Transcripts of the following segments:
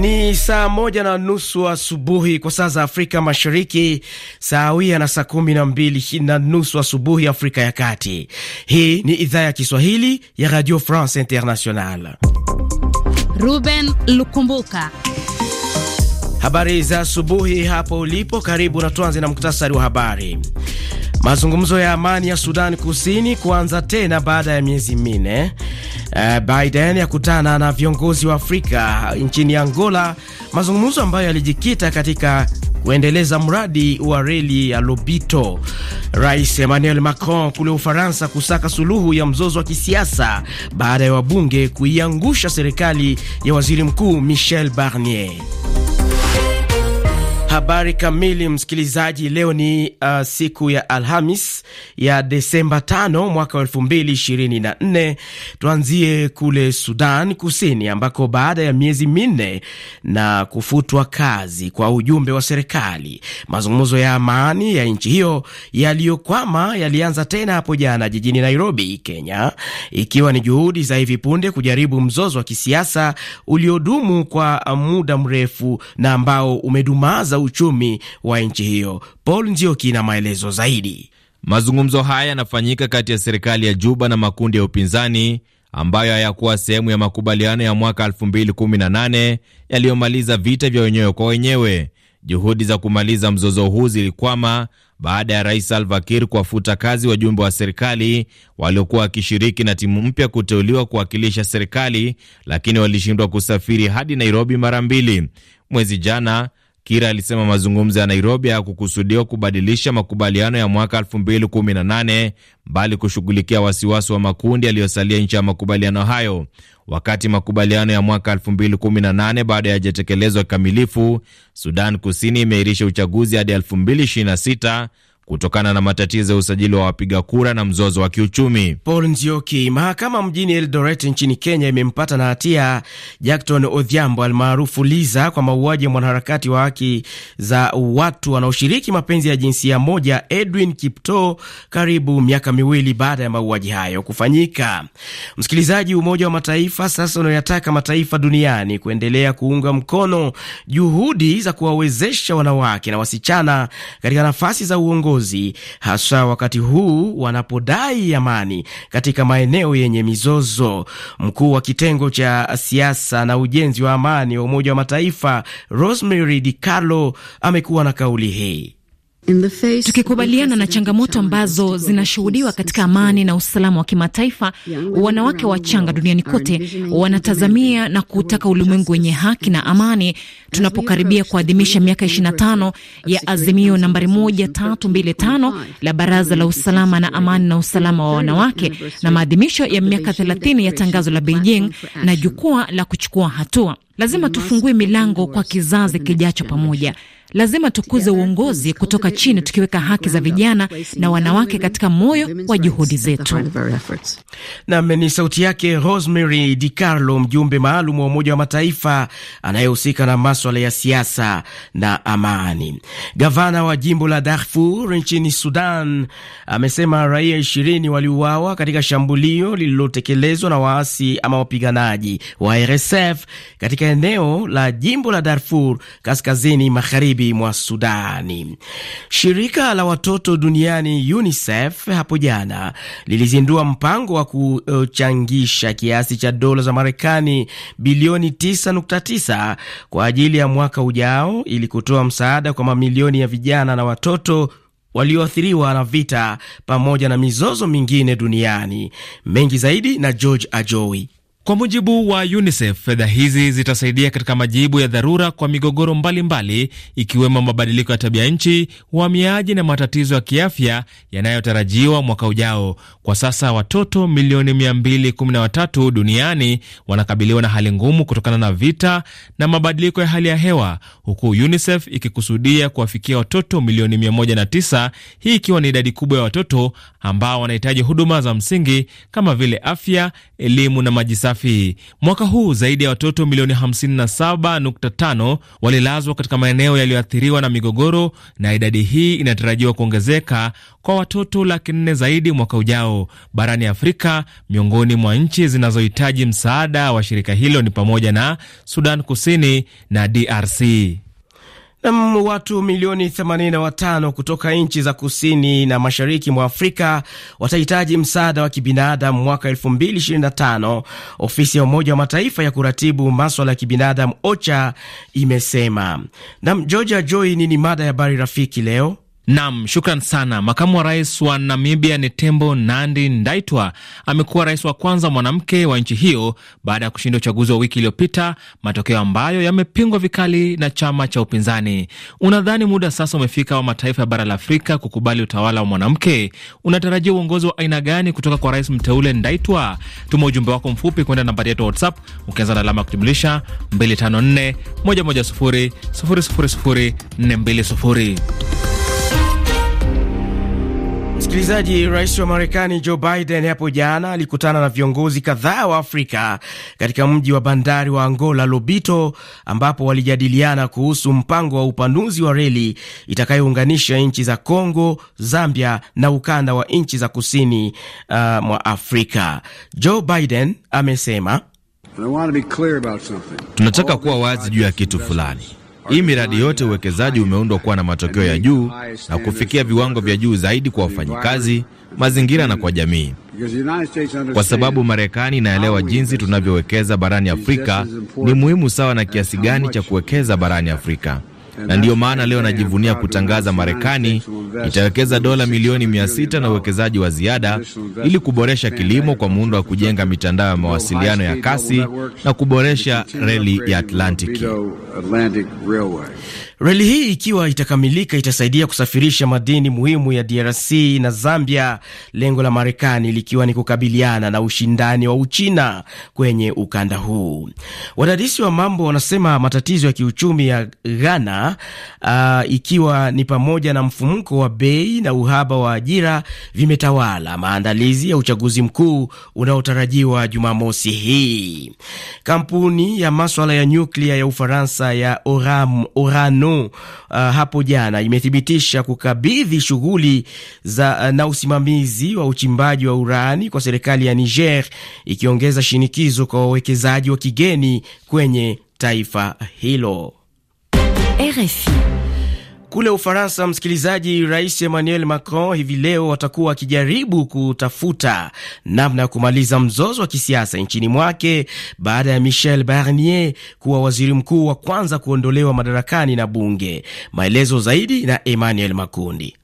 Ni saa moja na nusu asubuhi kwa saa za Afrika Mashariki, sawia na saa kumi na mbili na nusu asubuhi Afrika ya Kati. Hii ni idhaa ya Kiswahili ya Radio France International. Ruben Lukumbuka, habari za asubuhi hapo ulipo. Karibu na tuanze na muktasari wa habari. Mazungumzo ya amani ya Sudan Kusini kuanza tena baada ya miezi minne eh, Biden yakutana na viongozi wa Afrika eh, nchini Angola, mazungumzo ambayo yalijikita katika kuendeleza mradi wa reli ya Lobito. Rais Emmanuel Macron kule Ufaransa kusaka suluhu ya mzozo wa kisiasa baada ya wabunge kuiangusha serikali ya waziri mkuu Michel Barnier. Habari kamili, msikilizaji. Leo ni uh, siku ya Alhamis ya Desemba tano mwaka wa elfu mbili ishirini na nne. Tuanzie kule Sudan Kusini ambako baada ya miezi minne na kufutwa kazi kwa ujumbe wa serikali, mazungumzo ya amani ya nchi hiyo yaliyokwama yalianza tena hapo jana jijini Nairobi, Kenya, ikiwa ni juhudi za hivi punde kujaribu mzozo wa kisiasa uliodumu kwa uh, muda mrefu na ambao umedumaza uchumi wa nchi hiyo. Paul Nzioki na maelezo zaidi. Mazungumzo haya yanafanyika kati ya serikali ya Juba na makundi ya upinzani ambayo hayakuwa sehemu ya makubaliano ya mwaka 2018 yaliyomaliza vita vya wenyewe kwa wenyewe. Juhudi za kumaliza mzozo huu zilikwama baada ya rais Salva Kiir kuwafuta kazi wajumbe wa serikali waliokuwa wakishiriki na timu mpya kuteuliwa kuwakilisha serikali, lakini walishindwa kusafiri hadi Nairobi mara mbili. Mwezi jana Kira alisema mazungumzo ya Nairobi hayakukusudiwa kubadilisha makubaliano ya mwaka 2018 bali kushughulikia wasiwasi wa makundi yaliyosalia nje ya makubaliano hayo. Wakati makubaliano ya mwaka 2018 bado yajatekelezwa kikamilifu, Sudan Kusini imeirisha uchaguzi hadi 2026 kutokana na matatizo ya usajili wa wapiga kura na mzozo wa kiuchumi. Paul Nzioki. Mahakama mjini Eldoret nchini Kenya imempata na hatia Jackton Odhiambo almaarufu Liza kwa mauaji ya mwanaharakati wa haki za watu wanaoshiriki mapenzi ya jinsia moja Edwin Kipto karibu miaka miwili baada ya mauaji hayo kufanyika. Msikilizaji, Umoja wa Mataifa sasa unayataka mataifa duniani kuendelea kuunga mkono juhudi za kuwawezesha wanawake na wasichana katika nafasi za uongo viongozi, hasa wakati huu wanapodai amani katika maeneo yenye mizozo. Mkuu wa kitengo cha siasa na ujenzi wa amani wa Umoja wa Mataifa Rosemary carlo amekuwa na kauli hii. Tukikubaliana na changamoto ambazo zinashuhudiwa katika amani na usalama wa kimataifa, wanawake wachanga duniani kote wanatazamia na kutaka ulimwengu wenye haki na amani. Tunapokaribia kuadhimisha miaka 25 ya azimio nambari 1325 la Baraza la Usalama na Amani na usalama wa wanawake na maadhimisho ya miaka 30 ya tangazo la Beijing na jukwaa la kuchukua hatua Lazima tufungue milango kwa kizazi kijacho pamoja. Lazima tukuze uongozi kutoka chini, tukiweka haki za vijana na wanawake katika moyo wa juhudi zetu. Nam ni sauti yake Rosemary Di Carlo, mjumbe maalum wa Umoja wa Mataifa anayehusika na maswala ya siasa na amani. Gavana wa jimbo la Darfur nchini Sudan amesema raia ishirini waliuawa katika shambulio lililotekelezwa na waasi ama wapiganaji wa RSF katika eneo la jimbo la Darfur kaskazini magharibi mwa Sudani. Shirika la watoto duniani UNICEF hapo jana lilizindua mpango wa kuchangisha kiasi cha dola za Marekani bilioni 9.9 kwa ajili ya mwaka ujao ili kutoa msaada kwa mamilioni ya vijana na watoto walioathiriwa na vita pamoja na mizozo mingine duniani. Mengi zaidi na George Ajowi. Kwa mujibu wa UNICEF, fedha hizi zitasaidia katika majibu ya dharura kwa migogoro mbalimbali ikiwemo mabadiliko ya tabia nchi, uhamiaji na matatizo ya kiafya yanayotarajiwa mwaka ujao. Kwa sasa watoto milioni 213 duniani wanakabiliwa na hali ngumu kutokana na vita na mabadiliko ya hali ya hewa, huku UNICEF ikikusudia kuwafikia watoto milioni 109, hii ikiwa ni idadi kubwa ya watoto ambao wanahitaji huduma za msingi kama vile afya, elimu na maji safi safi. Mwaka huu zaidi ya watoto milioni 57.5 walilazwa katika maeneo yaliyoathiriwa na migogoro, na idadi hii inatarajiwa kuongezeka kwa watoto laki nne zaidi mwaka ujao. Barani Afrika, miongoni mwa nchi zinazohitaji msaada wa shirika hilo ni pamoja na Sudan Kusini na DRC. Nam, watu milioni 85 kutoka nchi za kusini na mashariki mwa Afrika watahitaji msaada wa kibinadamu mwaka 2025, ofisi ya Umoja wa Mataifa ya kuratibu maswala ya kibinadamu OCHA imesema. Nam, Georgia Joy, nini mada ya habari rafiki leo? Nam, shukran sana. Makamu wa rais wa Namibia Netembo Nandi Ndaitwa amekuwa rais wa kwanza mwanamke wa nchi hiyo baada ya kushinda uchaguzi wa wiki iliyopita, matokeo ambayo yamepingwa vikali na chama cha upinzani. Unadhani muda sasa umefika wa mataifa ya bara la Afrika kukubali utawala wa mwanamke? Unatarajia uongozi wa aina gani kutoka kwa rais mteule Ndaitwa? Tuma ujumbe wako mfupi kwenda nambari yetu WhatsApp ukianza na alama ya kujumlisha 254 110 000 420. Msikilizaji, rais wa Marekani Joe Biden hapo jana alikutana na viongozi kadhaa wa Afrika katika mji wa bandari wa Angola, Lobito, ambapo walijadiliana kuhusu mpango wa upanuzi wa reli itakayounganisha nchi za Congo, Zambia na ukanda wa nchi za kusini uh, mwa Afrika. Joe Biden amesema, tunataka kuwa wazi juu ya kitu fulani hii miradi yote uwekezaji umeundwa kuwa na matokeo ya juu na kufikia viwango vya juu zaidi kwa wafanyikazi, mazingira na kwa jamii, kwa sababu Marekani inaelewa jinsi tunavyowekeza barani Afrika ni muhimu sawa na kiasi gani cha kuwekeza barani Afrika na ndiyo maana leo anajivunia kutangaza Marekani itawekeza dola milioni mia sita na uwekezaji wa ziada ili kuboresha kilimo kwa muundo wa kujenga mitandao ya mawasiliano ya kasi na kuboresha reli ya Atlantiki. Reli hii ikiwa itakamilika, itasaidia kusafirisha madini muhimu ya DRC na Zambia, lengo la Marekani likiwa ni kukabiliana na ushindani wa Uchina kwenye ukanda huu. Wadadisi wa mambo wanasema matatizo ya kiuchumi ya Ghana uh, ikiwa ni pamoja na mfumuko wa bei na uhaba wa ajira vimetawala maandalizi ya uchaguzi mkuu unaotarajiwa Jumamosi hii. Kampuni ya maswala ya nyuklia ya Ufaransa ya Orano KANU uh, hapo jana imethibitisha kukabidhi shughuli za uh, na usimamizi wa uchimbaji wa urani kwa serikali ya Niger, ikiongeza shinikizo kwa wawekezaji wa kigeni kwenye taifa hilo. RFI. Kule Ufaransa, msikilizaji, Rais Emmanuel Macron hivi leo watakuwa wakijaribu kutafuta namna ya kumaliza mzozo wa kisiasa nchini mwake baada ya Michel Barnier kuwa waziri mkuu wa kwanza kuondolewa madarakani na bunge. Maelezo zaidi na Emmanuel Makundi.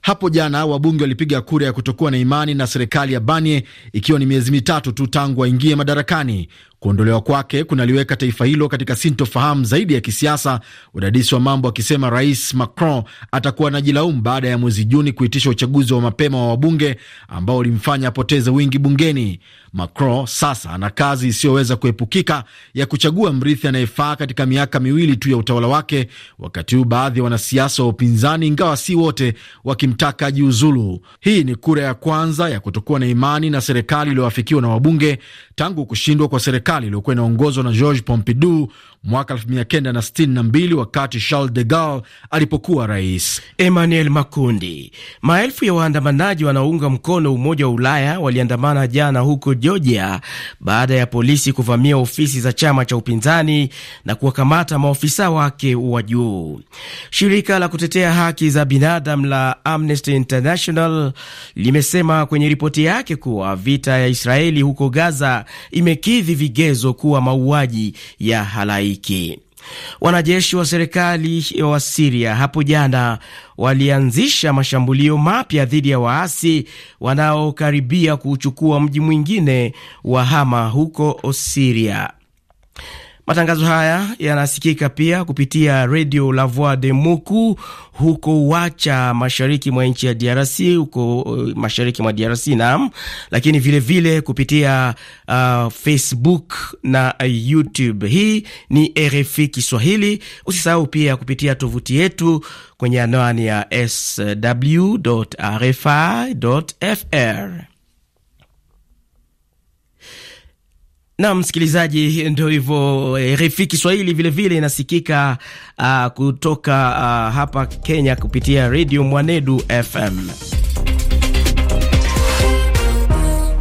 Hapo jana wabunge walipiga kura ya kutokuwa na imani na serikali ya Barnier, ikiwa ni miezi mitatu tu tangu waingie madarakani. Kuondolewa kwake kunaliweka taifa hilo katika sintofahamu zaidi ya kisiasa, udadisi wa mambo akisema Rais Macron atakuwa jilaumu baada ya mwezi Juni kuitisha uchaguzi wa mapema wa wabunge ambao ulimfanya apoteze wingi bungeni. Macron sasa ana kazi isiyoweza kuepukika ya kuchagua mrithi anayefaa katika miaka miwili tu ya utawala wake, wakati huu baadhi ya wanasiasa wa upinzani, ingawa si wote, wakimtaka jiuzulu Hii ni kura ya kwanza ya kutokuwa na imani na serikali iliyoafikiwa na wabunge tangu kushindwa kwa serikali serikali iliyokuwa inaongozwa na George Pompidou mwaka 1962 wakati Charles de Gaulle alipokuwa rais. Emmanuel Makundi. Maelfu ya waandamanaji wanaounga mkono Umoja wa Ulaya waliandamana jana huko Georgia baada ya polisi kuvamia ofisi za chama cha upinzani na kuwakamata maofisa wake wa juu. Shirika la kutetea haki za binadamu la Amnesty International limesema kwenye ripoti yake kuwa vita ya Israeli huko Gaza imekidhi vigezo kuwa mauaji ya halaiki. Mashariki. Wanajeshi wa serikali wa Siria hapo jana walianzisha mashambulio mapya dhidi ya waasi wanaokaribia kuuchukua mji mwingine wa Hama huko Siria. Matangazo haya yanasikika pia kupitia redio La Voix de Moku huko Wacha, mashariki mwa nchi ya DRC, huko eh, mashariki mwa DRC nam lakini vilevile vile kupitia uh, Facebook na YouTube. Hii ni RFI Kiswahili. Usisahau pia kupitia tovuti yetu kwenye anwani ya sw.rfi.fr. na msikilizaji, ndio hivyo eh, RFI Kiswahili vilevile vile inasikika uh, kutoka uh, hapa Kenya kupitia redio Mwanedu FM.